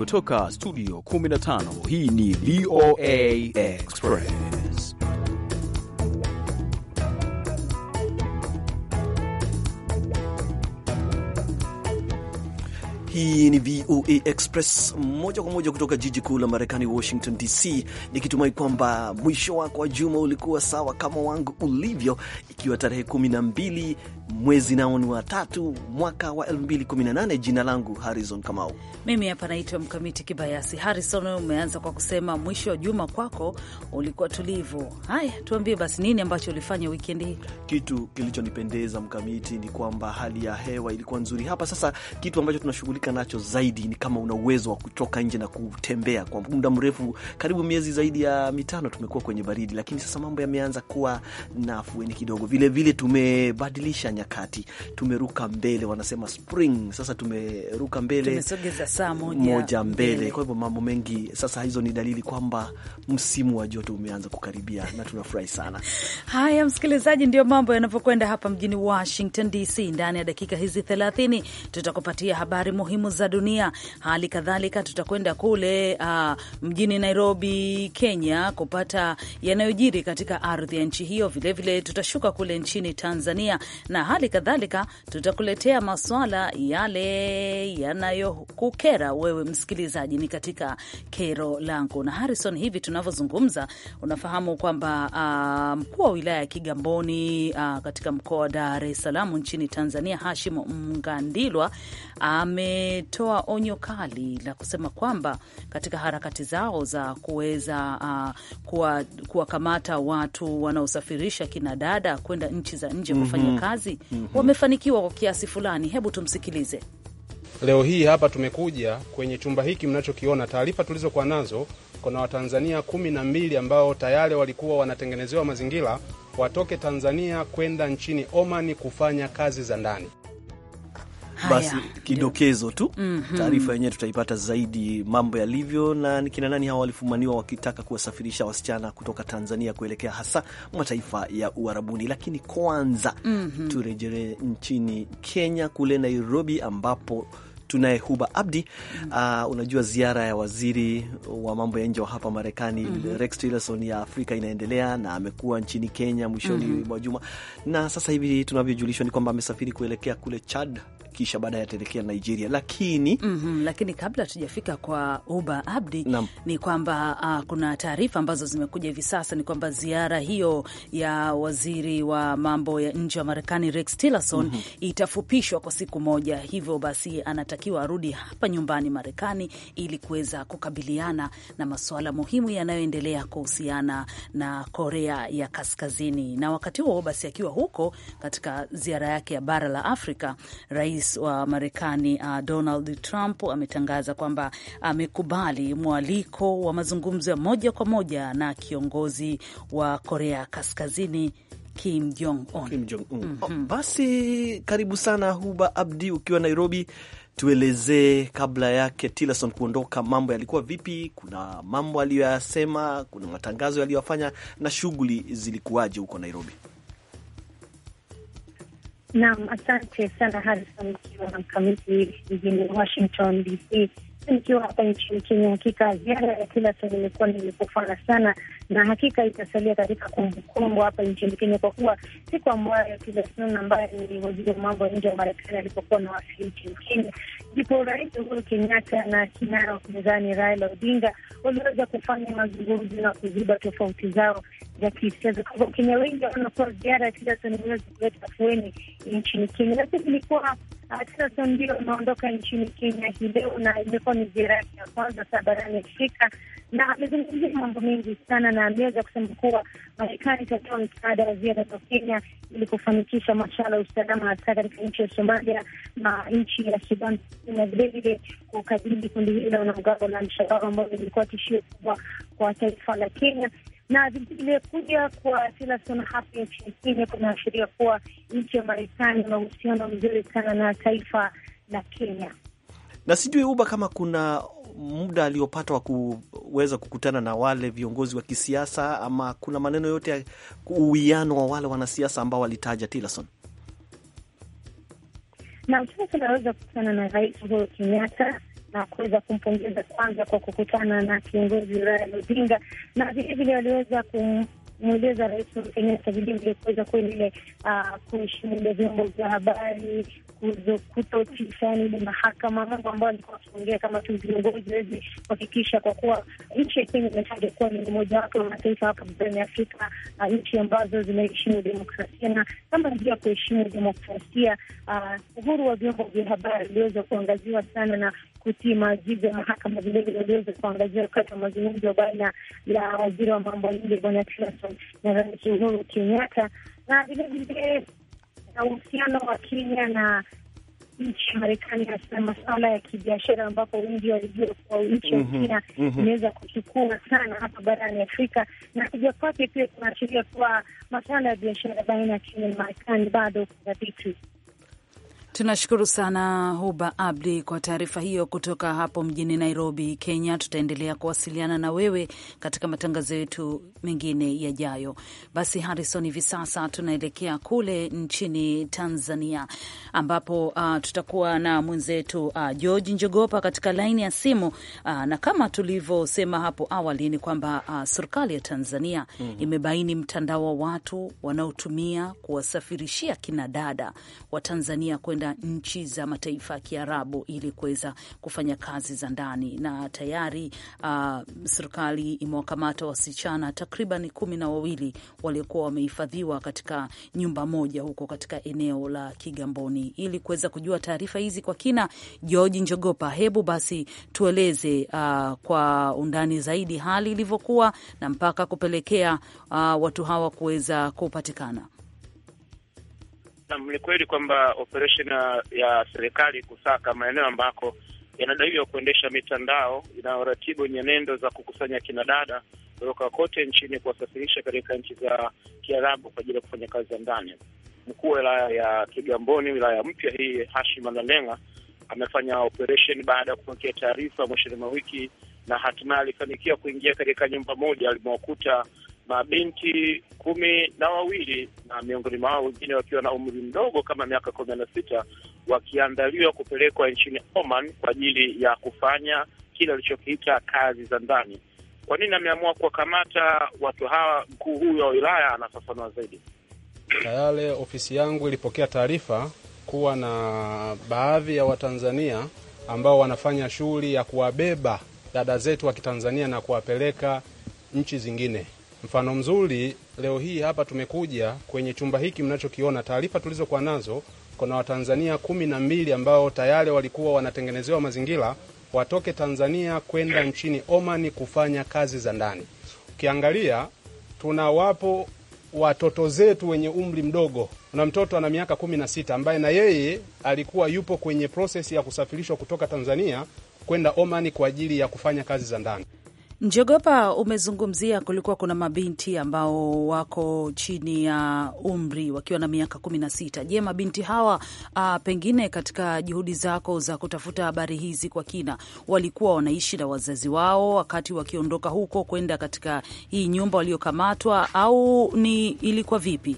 kutoka studio 15 hii ni VOA Express. Hii ni VOA Express moja kwa moja kutoka jiji kuu la Marekani, Washington DC, nikitumai kwamba mwisho wako wa juma ulikuwa sawa kama wangu ulivyo, ikiwa tarehe 12 mwezi nao ni wa tatu mwaka wa 2018. Jina langu Harrison Kamau, mimi hapa naitwa Mkamiti Kibayasi. Harrison, umeanza kwa kusema mwisho wa juma kwako ulikuwa tulivu. Haya, tuambie basi nini ambacho ulifanya wikendi hii? Kitu kilichonipendeza Mkamiti ni kwamba hali ya hewa ilikuwa nzuri hapa. Sasa kitu ambacho tunashughulika nacho zaidi ni kama una uwezo wa kutoka nje na kutembea kwa muda mrefu, karibu miezi zaidi ya mitano tumekuwa kwenye baridi, lakini sasa mambo yameanza kuwa nafueni yaani kidogo. Vilevile tumebadilisha nyakati, tumeruka mbele, wanasema spring. Sasa tumeruka mbele, tumesogeza saa moja, moja mbele, mbele. Kwa hivyo mambo mengi sasa, hizo ni dalili kwamba msimu wa joto umeanza kukaribia na tunafurahi sana. Haya msikilizaji, ndio mambo yanavyokwenda hapa mjini Washington DC. Ndani ya dakika hizi 30 tutakupatia habari muhimu za dunia, hali kadhalika tutakwenda kule uh, mjini Nairobi, Kenya kupata yanayojiri katika ardhi ya nchi hiyo. Vilevile tutashuka kule nchini Tanzania na hali kadhalika tutakuletea maswala yale yanayokukera wewe msikilizaji, ni katika kero langu na Harrison. Hivi tunavyozungumza, unafahamu kwamba ah, mkuu wa wilaya ya Kigamboni uh, katika mkoa wa Dar es Salaam nchini Tanzania, Hashim Mgandilwa ametoa onyo kali la kusema kwamba katika harakati zao za kuweza uh, kuwakamata watu wanaosafirisha kina dada kwenda nchi za nje kufanya mm -hmm. kazi mm -hmm. wamefanikiwa kwa kiasi fulani. Hebu tumsikilize. Leo hii hapa tumekuja kwenye chumba hiki mnachokiona. Taarifa tulizokuwa nazo, kuna Watanzania kumi na mbili ambao tayari walikuwa wanatengenezewa mazingira watoke Tanzania kwenda nchini Omani kufanya kazi za ndani. Basi kidokezo tu mm -hmm. Taarifa yenyewe tutaipata zaidi mambo yalivyo na kina nani hawa walifumaniwa wakitaka kuwasafirisha wasichana kutoka Tanzania kuelekea hasa mataifa ya Uarabuni. Lakini kwanza mm -hmm. turejere nchini Kenya kule Nairobi ambapo tunaye Huba Abdi. Uh, unajua ziara ya waziri wa mambo ya nje wa hapa Marekani mm -hmm. Rex Tillerson ya Afrika inaendelea na amekuwa nchini Kenya mwishoni mhm. mwa mm -hmm. juma, na sasa hivi tunavyojulishwa ni kwamba amesafiri kuelekea kule Chad kisha baadaye ataelekea Nigeria, lakini mm -hmm, lakini kabla tujafika kwa Uba Abdi Nam. ni kwamba uh, kuna taarifa ambazo zimekuja hivi sasa ni kwamba ziara hiyo ya waziri wa mambo ya nje wa Marekani Rex Tillerson mm -hmm. itafupishwa kwa siku moja, hivyo basi anatakiwa arudi hapa nyumbani Marekani ili kuweza kukabiliana na masuala muhimu yanayoendelea kuhusiana na Korea ya Kaskazini, na wakati huo basi akiwa huko katika ziara yake ya bara la Afrika, rais rais wa Marekani uh, Donald Trump ametangaza kwamba amekubali mwaliko wa mazungumzo ya moja kwa moja na kiongozi wa Korea Kaskazini Kim Jong Un. Kim Jong Un. Mm -hmm. Oh, basi karibu sana Huba Abdi ukiwa Nairobi, tuelezee kabla yake Tillerson kuondoka, mambo yalikuwa vipi? Kuna mambo aliyoyasema, kuna matangazo yaliyoyafanya na shughuli zilikuwaje huko Nairobi? Naam, asante sana Harison, ukiwa mkamiti jijini Washington DC. nikiwa hapa nchini Kenya, hakika ziara ya Tillerson imekuwa ni yenye sana, na hakika itasalia katika kumbukumbu hapa nchini Kenya, kwa kuwa siku ambayo Tillerson ambaye ni waziri wa mambo ya nje wa Marekani alipokuwa na wasili nchini Kenya, ndipo Rais Uhuru Kenyatta na kinara wa upinzani Raila Odinga waliweza kufanya mazungumzo na kuziba tofauti zao za kisiasa. Kwa Kenya wengi wanakuwa ziara ya Tillerson imeweza kuleta afueni nchini Kenya, lakini ilikuwa sasa ndio umeondoka nchini Kenya hii leo na imekuwa ni ziara yake ya kwanza saa barani Afrika, na amezungumzia mambo mengi sana, na ameweza kusema kuwa Marekani itatoa msaada wa ziara za Kenya ili kufanikisha mashala ya usalama hasa katika nchi ya Somalia na nchi ya Sudan, na vilevile kukabili kundi hilo na mgambo la Alshababu ambayo lilikuwa tishio kubwa kwa taifa la Kenya na vilevile kuja kwa Tillerson hapa nchini Kenya kunaashiria kuwa nchi ya Marekani na uhusiano mzuri sana na taifa la Kenya. Na sijui Uba kama kuna muda aliopata wa kuweza kukutana na wale viongozi wa kisiasa ama kuna maneno yote ya uwiano wa wale wanasiasa ambao walitaja Tillerson na Tillerson anaweza kukutana na Rais Uhuru Kenyatta na kuweza kumpongeza kwanza kwa kukutana na kiongozi Raila Odinga na vilevile waliweza kumweleza mweleza Rais Kenyatta vilevile kuweza kuendelea ah, kuheshimu vyombo vya habari, kutotisha ile mahakama, mambo ambayo alikuwa akiongea kama tu viongozi wezi kuhakikisha, kwa kuwa nchi ya Kenya imetaja kuwa ni mojawapo ya mataifa hapa barani Afrika, uh, nchi ambazo zinaheshimu demokrasia, na kama njia ya kuheshimu demokrasia, uh, uhuru wa vyombo vya habari uliweza kuangaziwa sana na kutii maagizo ya mahakama vilevile waliweza kuangazia wakati wa mazungumzo baina ya waziri wa mambo ya nje Bwana Tillerson na Rais Uhuru Kenyatta, na vilevile na uhusiano wa Kenya na nchi ya Marekani katika masuala ya kibiashara, ambapo wengi walijua kuwa nchi ya mhm, kenya mhm. imeweza kuchukua sana hapa barani Afrika, na kuja kwake pia kunaashiria kuwa masuala ya biashara baina ya Kenya na Marekani bado kuna vitu Tunashukuru sana Huba Abdi kwa taarifa hiyo kutoka hapo mjini Nairobi, Kenya. Tutaendelea kuwasiliana na wewe katika matangazo yetu mengine yajayo. Basi Harrison, hivi sasa tunaelekea kule nchini Tanzania ambapo uh, tutakuwa na mwenzetu uh, George Njogopa katika laini ya simu uh, na kama tulivyosema hapo awali ni kwamba uh, serikali ya Tanzania mm -hmm. imebaini mtandao wa watu wanaotumia kuwasafirishia kinadada wa Tanzania kwenda nchi za mataifa ya Kiarabu ili kuweza kufanya kazi za ndani, na tayari uh, serikali imewakamata wasichana takriban kumi na wawili waliokuwa wamehifadhiwa katika nyumba moja huko katika eneo la Kigamboni. Ili kuweza kujua taarifa hizi kwa kina, George Njogopa, hebu basi tueleze uh, kwa undani zaidi hali ilivyokuwa na mpaka kupelekea uh, watu hawa kuweza kupatikana. Naam, ni kweli kwamba operesheni ya serikali kusaka maeneo ambako yanadaiwa kuendesha mitandao inayoratibu nyenendo za kukusanya kinadada kutoka kote nchini kuwasafirisha katika nchi za Kiarabu kwa ajili ya kufanya kazi za ndani. Mkuu wa wilaya ya Kigamboni, wilaya mpya hii, Hashim Alalenga amefanya operesheni baada ya kupokea taarifa mwishoni mwa wiki na hatimaye alifanikiwa kuingia katika nyumba moja alimokuta mabinti kumi na wawili na miongoni mwao wengine wakiwa na umri mdogo kama miaka kumi na sita wakiandaliwa kupelekwa nchini Oman kwa ajili ya kufanya kile alichokiita kazi za ndani. Kwa nini ameamua kuwakamata watu hawa? Mkuu huyu wa wilaya anafafanua zaidi. Tayari ofisi yangu ilipokea taarifa kuwa na baadhi ya Watanzania ambao wanafanya shughuli ya kuwabeba dada zetu wa Kitanzania na kuwapeleka nchi zingine Mfano mzuri leo hii hapa tumekuja kwenye chumba hiki mnachokiona. Taarifa tulizokuwa nazo, kuna Watanzania kumi na mbili ambao tayari walikuwa wanatengenezewa mazingira watoke Tanzania kwenda nchini Oman kufanya kazi za ndani. Ukiangalia tuna wapo watoto zetu wenye umri mdogo. Kuna mtoto ana miaka kumi na sita ambaye na yeye alikuwa yupo kwenye prosesi ya kusafirishwa kutoka Tanzania kwenda Oman kwa ajili ya kufanya kazi za ndani. Njogopa, umezungumzia kulikuwa kuna mabinti ambao wako chini ya umri wakiwa na miaka kumi na sita. Je, mabinti hawa a, ah, pengine katika juhudi zako za kutafuta habari hizi kwa kina, walikuwa wanaishi na wazazi wao wakati wakiondoka huko kwenda katika hii nyumba waliokamatwa, au ni ilikuwa vipi?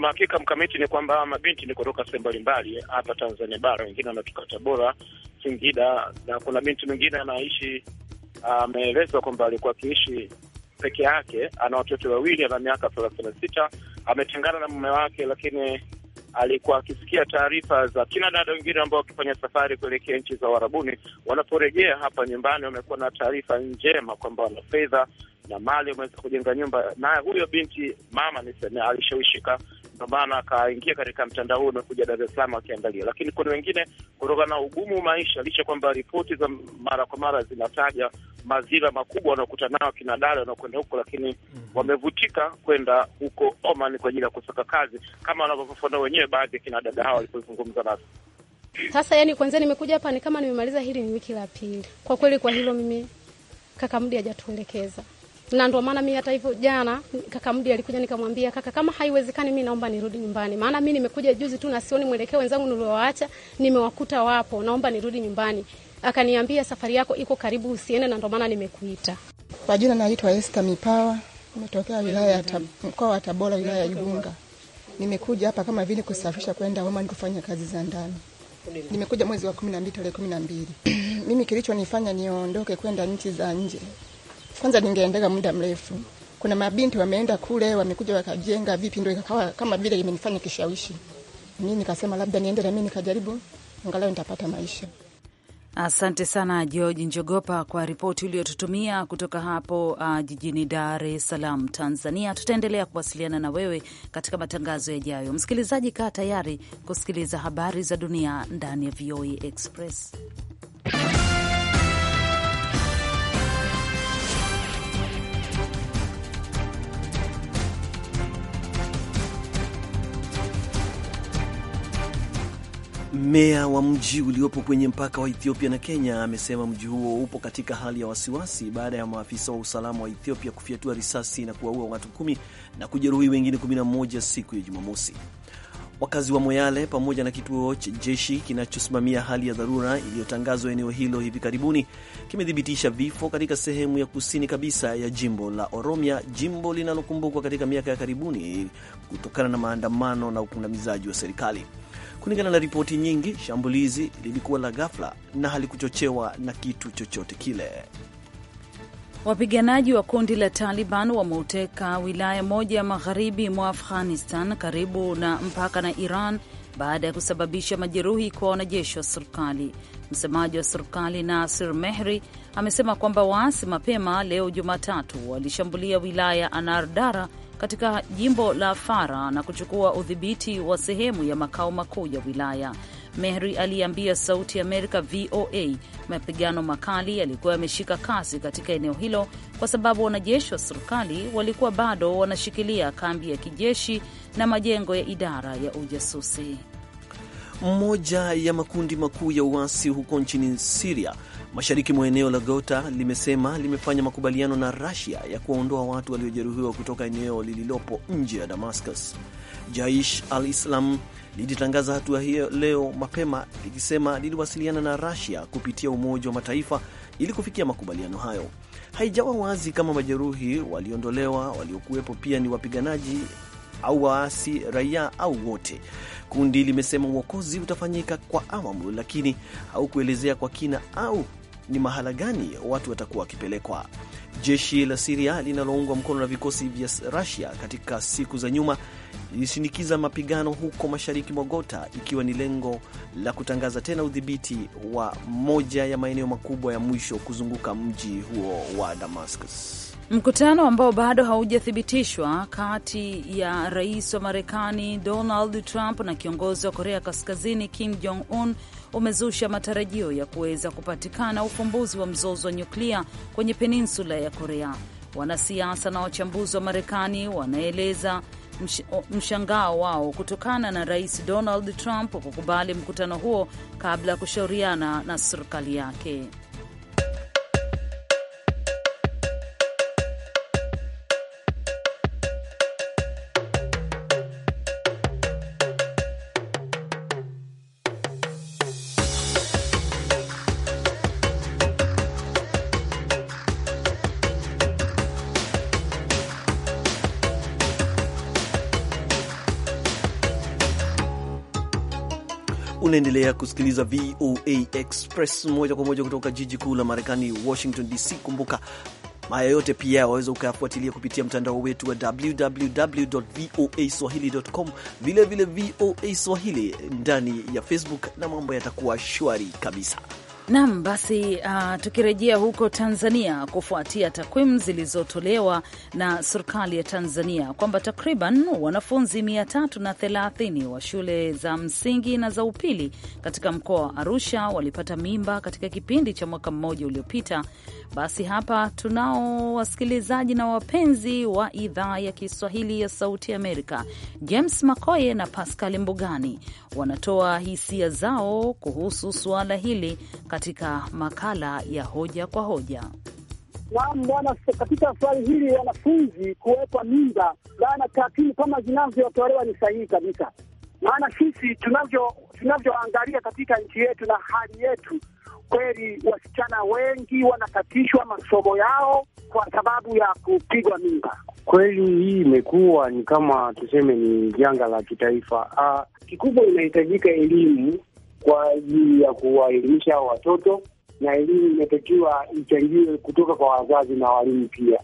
mahakika mkamiti ni kwamba mabinti ni kutoka sehemu mbalimbali hapa Tanzania bara, wengine wanatoka Tabora, Singida, na kuna binti mwingine anaishi ameelezwa kwamba alikuwa akiishi peke yake, ana watoto wawili, ana miaka thelathini na sita, ametengana na mume wake, lakini alikuwa akisikia taarifa za kina dada wengine ambao wakifanya safari kuelekea nchi za Uarabuni, wanaporejea hapa nyumbani, wamekuwa na taarifa njema kwamba wana fedha na mali, wameweza kujenga nyumba. Naye huyo binti mama niseme alishawishika ndio maana akaingia katika mtandao huu umekuja Dar es Salaam akiangalia. Lakini kuna wengine kutokana na ugumu maisha, licha kwamba ripoti za mara kwa mara zinataja mazira makubwa wanaokutana nao kina dada wanaokwenda huko, lakini mhm. wamevutika kwenda huko Oman kwa ajili ya kusaka kazi, kama wanavyofafanua wenyewe baadhi ya kina dada hawa walipozungumza nasi. Sasa yani, kwanza nimekuja hapa ni kama nimemaliza, hili ni wiki la pili. Kwa kweli, kwa hilo mimi kaka Mdi hajatuelekeza na ndio maana mimi hata hivyo jana kaka mdi alikuja, nikamwambia kaka, kama haiwezekani, mimi naomba nirudi nyumbani, maana mimi nimekuja juzi tu na sioni mwelekeo, wenzangu niliowaacha nimewakuta wapo, naomba nirudi nyumbani. Akaniambia safari yako iko karibu, usiende, na ndio maana nimekuita. Kwa jina naitwa Esther Mipawa, nimetokea wilaya mkoa wa Tabora, wilaya ya Igunga. Nimekuja hapa kama vile kusafisha kwenda Oman kufanya kazi za ndani. Nimekuja mwezi wa 12 tarehe 12. Mimi kilichonifanya niondoke kwenda nchi za nje kwanza ningeendeka muda mrefu. Kuna mabinti wameenda kule, wamekuja wakajenga vipi, ndo ikakawa kama vile imenifanya kishawishi. Mimi nikasema labda niende na mimi nikajaribu, angalau nitapata maisha. Asante sana George Njogopa kwa ripoti uliyotutumia kutoka hapo uh, jijini Dar es Salaam, Tanzania. Tutaendelea kuwasiliana na wewe katika matangazo yajayo. Msikilizaji, kaa tayari kusikiliza habari za dunia ndani ya VOA e Express. Meya wa mji uliopo kwenye mpaka wa Ethiopia na Kenya amesema mji huo upo katika hali ya wasiwasi baada ya maafisa wa usalama wa Ethiopia kufyatua risasi na kuwaua watu kumi na kujeruhi wengine 11 siku ya Jumamosi. Wakazi wa Moyale pamoja na kituo cha jeshi kinachosimamia hali ya dharura iliyotangazwa eneo hilo hivi karibuni kimethibitisha vifo katika sehemu ya kusini kabisa ya jimbo la Oromia, jimbo linalokumbukwa katika miaka ya karibuni kutokana na maandamano na ukandamizaji wa serikali. Kulingana na ripoti nyingi, shambulizi lilikuwa la ghafla na halikuchochewa na kitu chochote kile. Wapiganaji wa kundi la Taliban wameuteka wilaya moja ya magharibi mwa Afghanistan karibu na mpaka na Iran baada ya kusababisha majeruhi kwa wanajeshi wa serikali. Msemaji wa serikali Nasir Mehri amesema kwamba waasi mapema leo Jumatatu walishambulia wilaya anar Anardara katika jimbo la Fara na kuchukua udhibiti wa sehemu ya makao makuu ya wilaya. Mehri aliambia Sauti Amerika VOA mapigano makali yalikuwa yameshika kasi katika eneo hilo kwa sababu wanajeshi wa serikali walikuwa bado wanashikilia kambi ya kijeshi na majengo ya idara ya ujasusi. Mmoja ya makundi makuu ya uasi huko nchini Siria mashariki mwa eneo la Gota limesema limefanya makubaliano na rasia ya kuwaondoa watu waliojeruhiwa kutoka eneo lililopo nje ya Damascus. Jaish al-Islam lilitangaza hatua hiyo leo mapema likisema liliwasiliana na rasia kupitia Umoja wa Mataifa ili kufikia makubaliano hayo. Haijawa wazi kama majeruhi waliondolewa waliokuwepo pia ni wapiganaji au waasi raia au wote. Kundi limesema uokozi utafanyika kwa awamu, lakini haukuelezea kwa kina au ni mahala gani watu watakuwa wakipelekwa. Jeshi la Siria linaloungwa mkono na vikosi vya Rusia katika siku za nyuma lilishinikiza mapigano huko mashariki mwa Gota, ikiwa ni lengo la kutangaza tena udhibiti wa moja ya maeneo makubwa ya mwisho kuzunguka mji huo wa Damascus. Mkutano ambao bado haujathibitishwa kati ya rais wa Marekani Donald Trump na kiongozi wa Korea Kaskazini Kim Jong Un umezusha matarajio ya kuweza kupatikana ufumbuzi wa mzozo wa nyuklia kwenye peninsula ya Korea. Wanasiasa na wachambuzi wa Marekani wanaeleza msh mshangao wao kutokana na Rais Donald Trump kukubali mkutano huo kabla ya kushauriana na serikali yake. Unaendelea kusikiliza VOA Express moja kwa moja kutoka jiji kuu la Marekani, Washington DC. Kumbuka maya yote pia waweza ukayafuatilia kupitia mtandao wetu wa www voa swahili.com, vilevile VOA Swahili ndani ya Facebook na mambo yatakuwa shwari kabisa. Nam basi, uh, tukirejea huko Tanzania kufuatia takwimu zilizotolewa na serikali ya Tanzania kwamba takriban wanafunzi 330 wa shule za msingi na za upili katika mkoa wa Arusha walipata mimba katika kipindi cha mwaka mmoja uliopita. Basi hapa tunao wasikilizaji na wapenzi wa idhaa ya Kiswahili ya Sauti Amerika. James Makoye na Pascal Mbugani wanatoa hisia zao kuhusu suala hili katika makala ya hoja kwa hoja. Naam bwana, katika swali hili wanafunzi kuwekwa mimba, dhana takwimu kama zinavyotolewa ni sahihi kabisa, maana sisi tunavyo tunavyoangalia katika nchi yetu na hali yetu, kweli wasichana wengi wanakatishwa masomo yao kwa sababu ya kupigwa mimba. Kweli hii imekuwa ni kama tuseme ni janga la kitaifa. Ah, kikubwa inahitajika elimu kwa ajili ya kuwaelimisha watoto, na elimu inatakiwa ichangiwe kutoka kwa wazazi na walimu pia.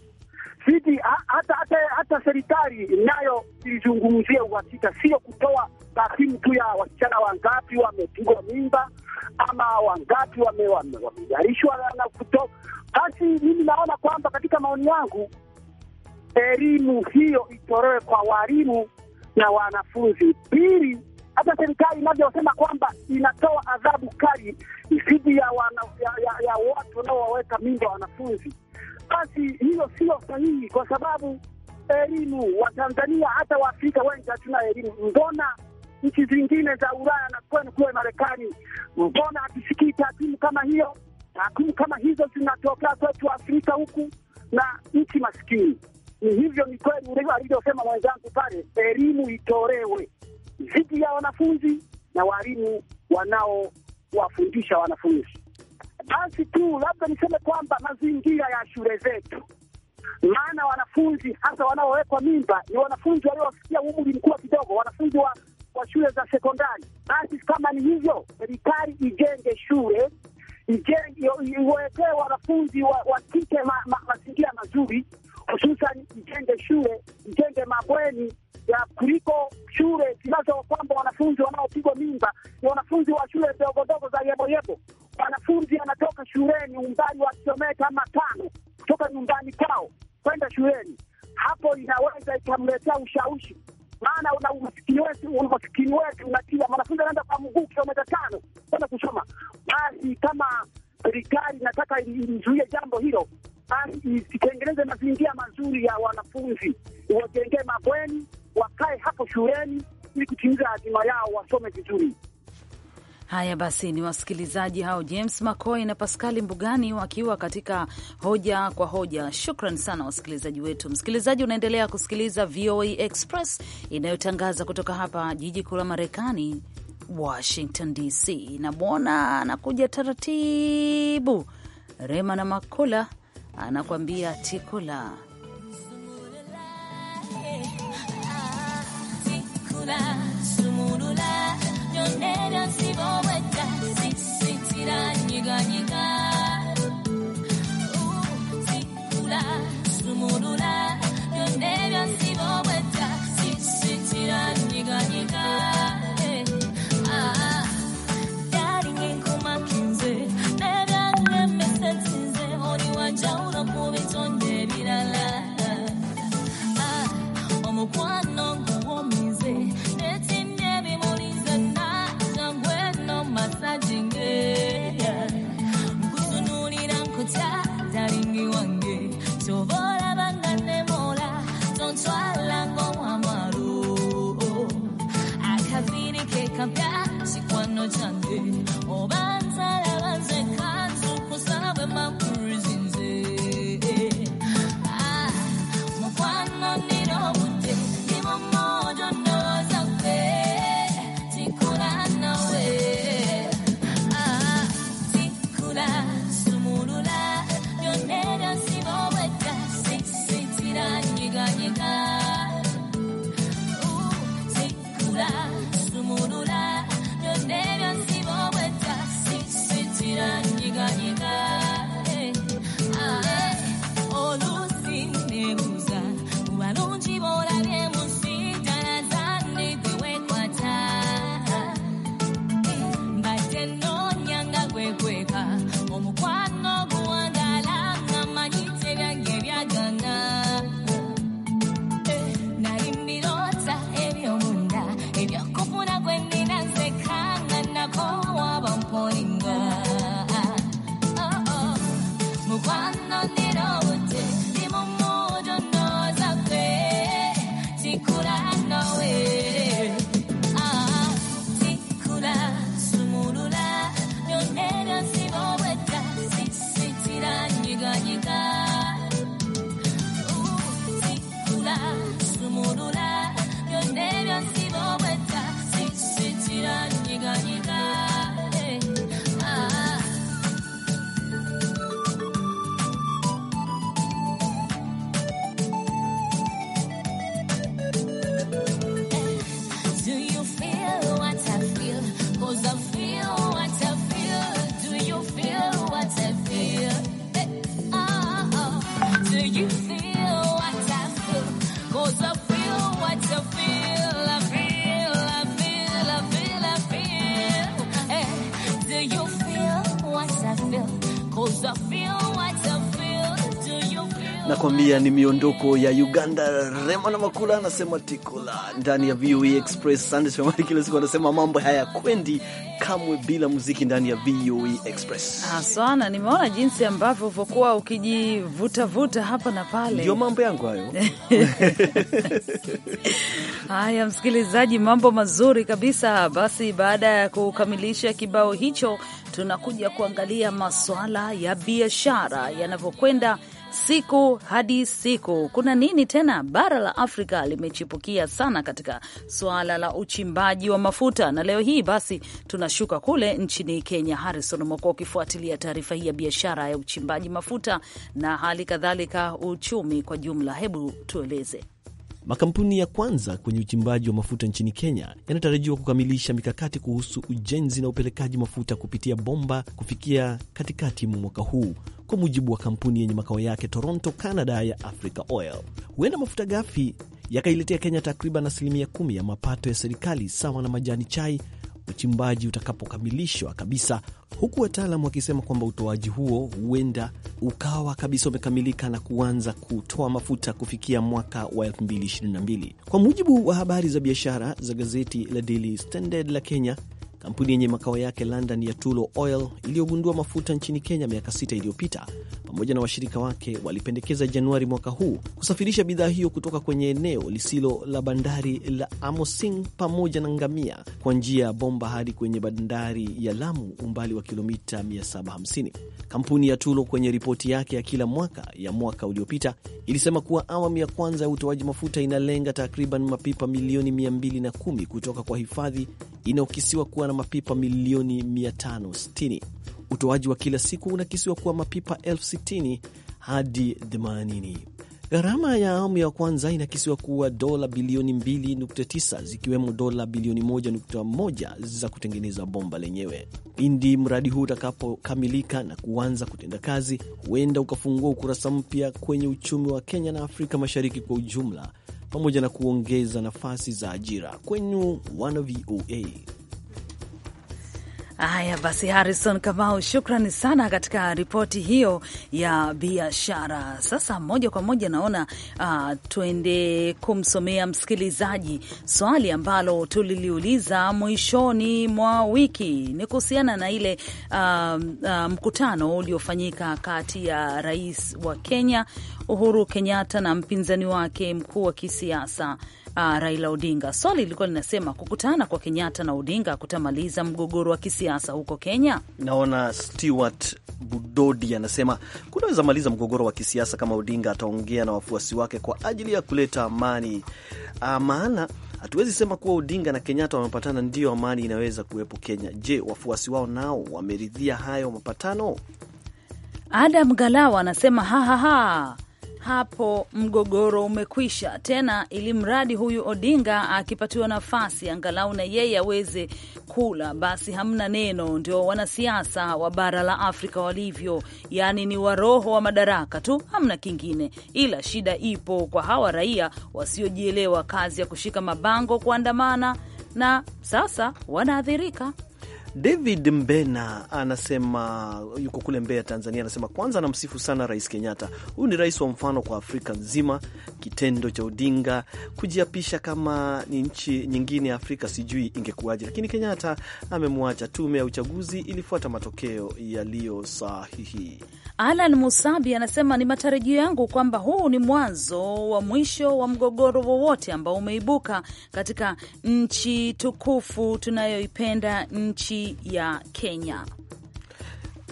Siti hata hata hata serikali nayo ilizungumzia uhakika, sio kutoa takwimu tu ya wasichana wangapi wamepigwa mimba ama wangapi wamejarishwa wame, wame na kuto. Basi mimi naona kwamba katika maoni yangu elimu hiyo itolewe kwa walimu na wanafunzi, pili hata serikali inavyosema kwamba inatoa adhabu kali dhidi ya, ya, ya, ya watu wanaowaweka mimba wanafunzi, basi hiyo sio sahihi, kwa sababu elimu Watanzania hata Waafrika wengi hatuna elimu. Mbona nchi zingine za Ulaya na kwenu kuwe Marekani, mbona hatusikii takwimu kama hiyo? Takwimu kama hizo zinatokea kwetu Afrika huku na nchi maskini. Ni hivyo, ni kweli alivyosema mwenzangu pale, elimu itolewe dhidi ya wanafunzi na walimu wanaowafundisha wanafunzi. Basi tu labda niseme kwamba mazingira ya shule zetu, maana wanafunzi hasa wanaowekwa mimba ni wanafunzi waliofikia umri mkubwa kidogo, wanafunzi wa, wa shule za sekondari. Basi kama ni hivyo, serikali ijenge shule iwekee wanafunzi wa, wa kike mazingira ma, mazuri, hususan ijenge shule, ijenge mabweni ya kuliko shule zinazo kwamba wanafunzi wanaopigwa mimba ni wanafunzi wa shule ndogo ndogo za yeboyebo. Wanafunzi anatoka shuleni umbali wa kilometa ama tano kutoka nyumbani kwao kwenda shuleni, hapo inaweza ikamletea ushawishi, maana una umasikini wetu, umaskini wetu unatia mwanafunzi anaenda kwa mguu kilometa tano kwenda kusoma. Basi kama serikali inataka imzuie jambo hilo, basi isitengeneze mazingira mazuri ya wanafunzi, wajengee mabweni wakae hapo shuleni ili kutimiza azima yao, wasome vizuri. Haya basi, ni wasikilizaji hao James Macoy na Paskali Mbugani wakiwa katika hoja kwa hoja. Shukran sana wasikilizaji wetu. Msikilizaji, unaendelea kusikiliza VOA Express inayotangaza kutoka hapa jiji kuu la Marekani, Washington DC. Namwona anakuja taratibu, Rema na Makola anakuambia tikula Sisitira to nyiga, ooh, sikula. kusikia ni miondoko ya Uganda, Rema na Makula anasema tikula ndani ya VOA e Express. Sande Shomari kila siku anasema mambo haya kwendi kamwe bila muziki ndani ya VOA e Express. Asana, nimeona jinsi ambavyo vokuwa ukijivutavuta hapa na pale, ndio mambo yangu hayo. Haya msikilizaji, mambo mazuri kabisa. Basi baada ya kukamilisha kibao hicho, tunakuja kuangalia maswala ya biashara yanavyokwenda siku hadi siku. Kuna nini tena? Bara la Afrika limechipukia sana katika suala la uchimbaji wa mafuta, na leo hii basi tunashuka kule nchini Kenya. Harrison, umekuwa ukifuatilia taarifa hii ya biashara ya uchimbaji mafuta na hali kadhalika uchumi kwa jumla, hebu tueleze. Makampuni ya kwanza kwenye uchimbaji wa mafuta nchini Kenya yanatarajiwa kukamilisha mikakati kuhusu ujenzi na upelekaji mafuta kupitia bomba kufikia katikati mwa mwaka huu, kwa mujibu wa kampuni yenye makao yake Toronto, Canada ya Africa Oil. Huenda mafuta ghafi yakailetea Kenya takriban asilimia kumi ya mapato ya serikali sawa na majani chai uchimbaji utakapokamilishwa kabisa, huku wataalam wakisema kwamba utoaji huo huenda ukawa kabisa umekamilika na kuanza kutoa mafuta kufikia mwaka wa 2022 kwa mujibu wa habari za biashara za gazeti la Daily Standard la Kenya kampuni yenye makao yake London ya Tullow Oil iliyogundua mafuta nchini Kenya miaka sita iliyopita, pamoja na washirika wake walipendekeza Januari mwaka huu kusafirisha bidhaa hiyo kutoka kwenye eneo lisilo la bandari la Amosing pamoja na ngamia kwa njia ya bomba hadi kwenye bandari ya Lamu, umbali wa kilomita 750. Kampuni ya Tullow kwenye ripoti yake ya kila mwaka ya mwaka uliopita ilisema kuwa awamu ya kwanza ya utoaji mafuta inalenga takriban mapipa milioni 210 kutoka kwa hifadhi inayokisiwa kuwa na mapipa milioni 560. Utoaji wa kila siku unakisiwa kuwa mapipa elfu 60 hadi 80. Gharama ya awamu ya kwanza inakisiwa kuwa dola bilioni 2.9 zikiwemo dola bilioni 1.1 za kutengeneza bomba lenyewe. Pindi mradi huu utakapokamilika na kuanza kutenda kazi, huenda ukafungua ukurasa mpya kwenye uchumi wa Kenya na Afrika Mashariki kwa ujumla, pamoja na kuongeza nafasi za ajira. kwenyu wana VOA. Haya basi, Harrison Kamau, shukrani sana katika ripoti hiyo ya biashara. Sasa moja kwa moja naona uh, ah, tuende kumsomea msikilizaji swali ambalo tuliliuliza mwishoni mwa wiki. Ni kuhusiana na ile uh, uh, mkutano uliofanyika kati ya rais wa Kenya Uhuru Kenyatta na mpinzani wake mkuu wa kisiasa uh, Raila Odinga. Swali lilikuwa linasema kukutana kwa Kenyatta na Odinga kutamaliza mgogoro wa kisiasa huko Kenya. Naona Stewart Budodi anasema kunaweza maliza mgogoro wa kisiasa kama Odinga ataongea na wafuasi wake kwa ajili ya kuleta amani. Uh, maana hatuwezi sema kuwa Odinga na Kenyatta wamepatana ndiyo amani inaweza kuwepo Kenya. Je, wafuasi wao nao wameridhia hayo mapatano? Adam Galawa anasema hahaha ha hapo mgogoro umekwisha tena, ili mradi huyu Odinga akipatiwa nafasi angalau na yeye aweze kula, basi hamna neno. Ndio wanasiasa wa bara la Afrika walivyo, yaani ni waroho wa madaraka tu, hamna kingine. Ila shida ipo kwa hawa raia wasiojielewa, kazi ya kushika mabango, kuandamana, na sasa wanaathirika. David Mbena anasema yuko kule Mbeya, Tanzania. Anasema kwanza anamsifu sana Rais Kenyatta, huyu ni rais wa mfano kwa Afrika nzima. Kitendo cha Odinga kujiapisha kama ni nchi nyingine ya Afrika sijui ingekuwaje, lakini Kenyatta amemwacha. Tume ya uchaguzi ilifuata matokeo yaliyo sahihi. Alan Musabi anasema ni matarajio yangu kwamba huu ni mwanzo wa mwisho wa mgogoro wowote ambao umeibuka katika nchi tukufu tunayoipenda, nchi ya Kenya.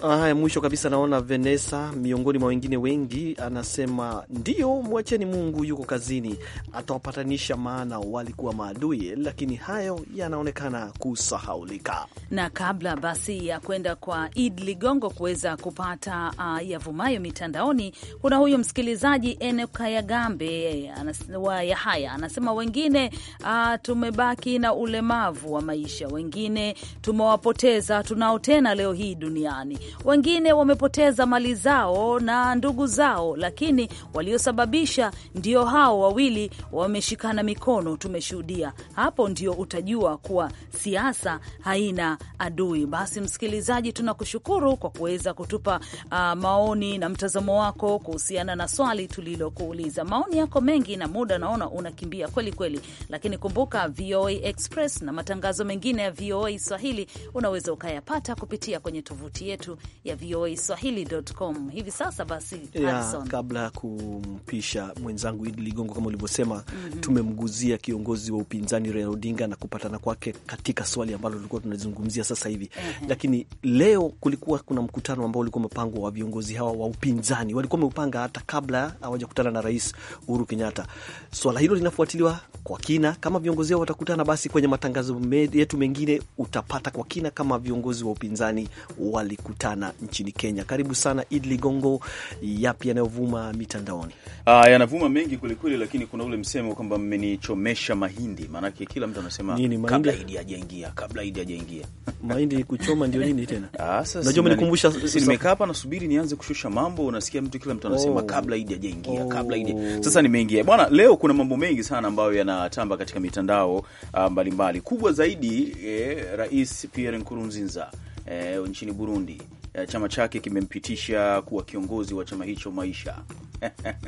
Haya, mwisho kabisa, naona Vanessa miongoni mwa wengine wengi anasema ndio mwacheni Mungu, yuko kazini, atawapatanisha, maana walikuwa maadui, lakini hayo yanaonekana kusahaulika. Na kabla basi ya kwenda kwa Id Ligongo kuweza kupata uh, yavumayo mitandaoni, kuna huyu msikilizaji Enekayagambe wa Yahaya anasema wengine uh, tumebaki na ulemavu wa maisha, wengine tumewapoteza, tunao tena leo hii duniani wengine wamepoteza mali zao na ndugu zao, lakini waliosababisha ndio hao wawili wameshikana mikono, tumeshuhudia hapo. Ndio utajua kuwa siasa haina adui. Basi msikilizaji, tunakushukuru kwa kuweza kutupa uh, maoni na mtazamo wako kuhusiana na swali tulilokuuliza. Maoni yako mengi na muda naona unakimbia kweli kweli, lakini kumbuka VOA Express na matangazo mengine ya VOA Swahili unaweza ukayapata kupitia kwenye tovuti yetu ya VOA Swahili.com hivi sasa. Basi ya, kabla ya kumpisha mwenzangu Idi Ligongo, kama ulivyosema, mm -hmm. tumemguzia kiongozi wa upinzani Raila Odinga na kupatana kwake katika swali ambalo tulikuwa tunazungumzia sasa hivi mm -hmm. Lakini leo kulikuwa kuna mkutano ambao ulikuwa umepangwa wa viongozi hawa wa upinzani, walikuwa wameupanga hata kabla hawajakutana na Rais Uhuru Kenyatta. Swala hilo linafuatiliwa kwa kina, kama viongozi hao watakutana, basi kwenye matangazo yetu mengine utapata kwa kina kama viongozi wa upinzani walikutana sana nchini Kenya. Karibu sana Id Ligongo, yapi yanayovuma mitandaoni? Ah, yanavuma mengi kwelikweli, lakini kuna ule msemo kwamba mmenichomesha mahindi, maanake kila mtu anasema nini, kabla Idi hajaingia, kabla Idi hajaingia mahindi kuchoma ndio nini tena? Ah, Unajua, umenikumbusha, nimekaa hapa nasubiri nianze kushusha mambo, unasikia mtu, kila mtu anasema oh, kabla Idi hajaingia, kabla Idi. Oh. Sasa nimeingia bwana. Leo kuna mambo mengi sana ambayo yanatamba katika mitandao ah, mbalimbali mbali. Kubwa zaidi eh, Rais Pierre Nkurunziza eh, nchini Burundi Eh, chama chake kimempitisha kuwa kiongozi wa chama hicho maisha.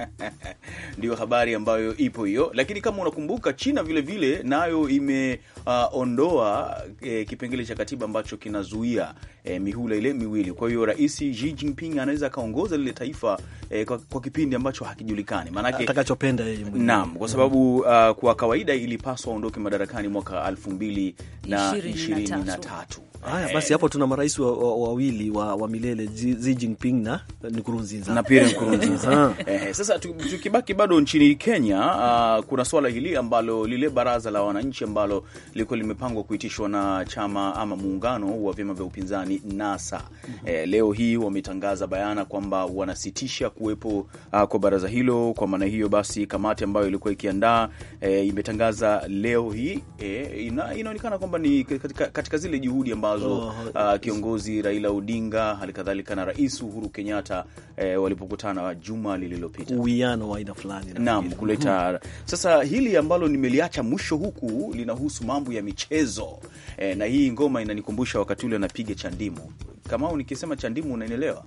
Ndiyo habari ambayo ipo hiyo, lakini kama unakumbuka, China vilevile vile, nayo imeondoa uh, eh, kipengele cha katiba ambacho kinazuia eh, mihula ile miwili. Kwa hiyo Rais Xi Jinping anaweza akaongoza lile taifa eh, kwa, kwa kipindi ambacho hakijulikani maanake atakachopenda yeye mwenyewe. Naam, kwa sababu uh, kwa kawaida ilipaswa aondoke madarakani mwaka elfu mbili na ishirini na tatu Haya basi, hapo tuna marais wawili wa, wa, wa milele Xi Jinping na Nkurunziza na Nkurunziza. Eh, eh, sasa tukibaki bado nchini Kenya, uh, kuna swala hili ambalo lile baraza la wananchi ambalo lilikuwa limepangwa kuitishwa na chama ama muungano wa vyama vya upinzani NASA. mm -hmm. Eh, leo hii wametangaza bayana kwamba wanasitisha kuwepo uh, kwa baraza hilo. Kwa maana hiyo basi, kamati ambayo ilikuwa ikiandaa eh, imetangaza leo hii eh, ina, inaonekana kwamba ni katika, katika zile juhudi ambazo ambazo oh, uh, kiongozi Raila Odinga halikadhalika na Rais Uhuru Kenyatta eh, walipokutana juma lililopita, uwiano wa aina fulani naam kuleta hmm. Sasa hili ambalo nimeliacha mwisho huku linahusu mambo ya michezo eh, na hii ngoma inanikumbusha wakati ule anapiga chandimu. Kamau, nikisema chandimu unanielewa?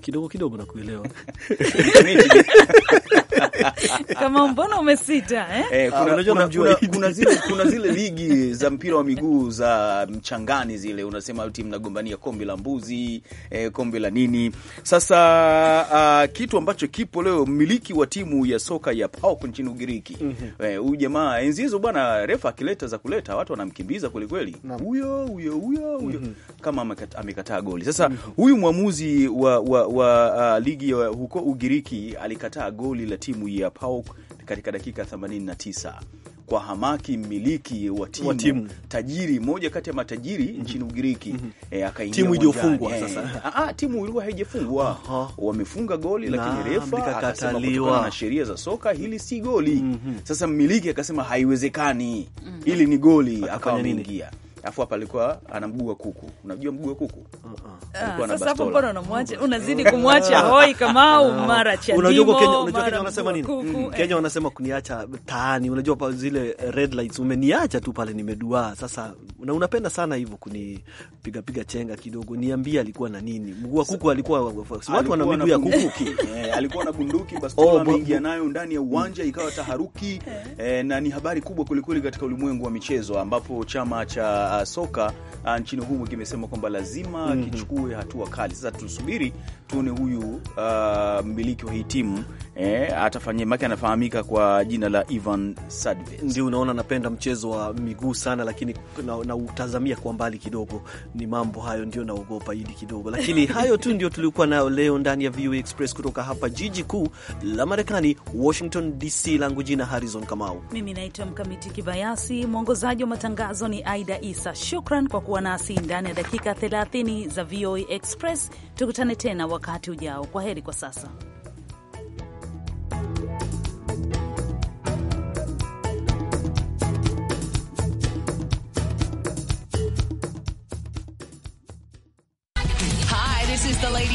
Kidogo kidogo nakuelewa kama mbona umesita eh? Eh, kuna, uh, kuna, kuna, kuna, zile, kuna zile ligi za mpira wa miguu za mchangani zile, unasema timu nagombania kombe la mbuzi eh, kombe la nini. Sasa uh, kitu ambacho kipo leo, mmiliki wa timu ya soka ya PAOK nchini Ugiriki mhm. eh, huyu -hmm. Eh, jamaa enzi hizo bwana, refa akileta za kuleta watu wanamkimbiza kwelikweli, huyo huyo huyo huyo mm -hmm. kama amekataa goli. Sasa mhm. huyu mwamuzi wa, wa, wa uh, ligi ya huko Ugiriki alikataa goli la timu ya PAOK katika dakika 89 kwa hamaki mmiliki wa timu tajiri, moja kati ya matajiri mhm. nchini Ugiriki mm -hmm. e, akaingia timu iliyofungwa eh, sasa. Ah, ah, timu ilikuwa haijafungwa uh -huh. wamefunga goli na, lakini refa akasema na sheria za soka hili si goli mm -hmm. Sasa mmiliki akasema haiwezekani, mm -hmm. hili ni goli, akawa ameingia Alafu hapa alikuwa ana mguu wa kuku. Unajua mguu wa kuku? Uh-huh. Sasa hapo mbona unamwacha? Unazidi kumwacha hoi Kamau ah. mara Kenya, unajua Kenya wanasema nini? Mm, eh. Kenya wanasema kuniacha taani. Unajua pa zile red lights umeniacha tu pale nimeduaa. Sasa na unapenda sana hivyo kunipiga piga chenga kidogo. niambia alikuwa na nini? Mguu wa kuku alikuwa watu wana miguu ya kuku. Eh, alikuwa na bunduki, oh, bastola ameingia nayo ndani ya uwanja mm. ikawa taharuki. Eh. na ni habari kubwa kwelikweli katika ulimwengu wa michezo ambapo chama cha uh, soka uh, nchini humo kimesema kwamba lazima mm -hmm. kichukue hatua kali. Sasa tusubiri tuone huyu uh, mmiliki wa hii timu eh, atafanya make anafahamika kwa jina la Ivan Sadve. Ndio unaona anapenda mchezo wa miguu sana, lakini nautazamia na kwa mbali kidogo. Ni mambo hayo ndio naogopa idi kidogo, lakini hayo tu ndio tuliokuwa nayo leo ndani ya VOA Express kutoka hapa jiji kuu la Marekani, Washington DC. Langu jina Harrison Kamau, mimi naitwa Mkamiti Kibayasi. Mwongozaji wa matangazo ni Aida Isa. Shukran kwa kuwa nasi ndani ya dakika 30 za VOA Express. Tukutane tena wakati ujao. Kwa heri kwa sasa. the Lady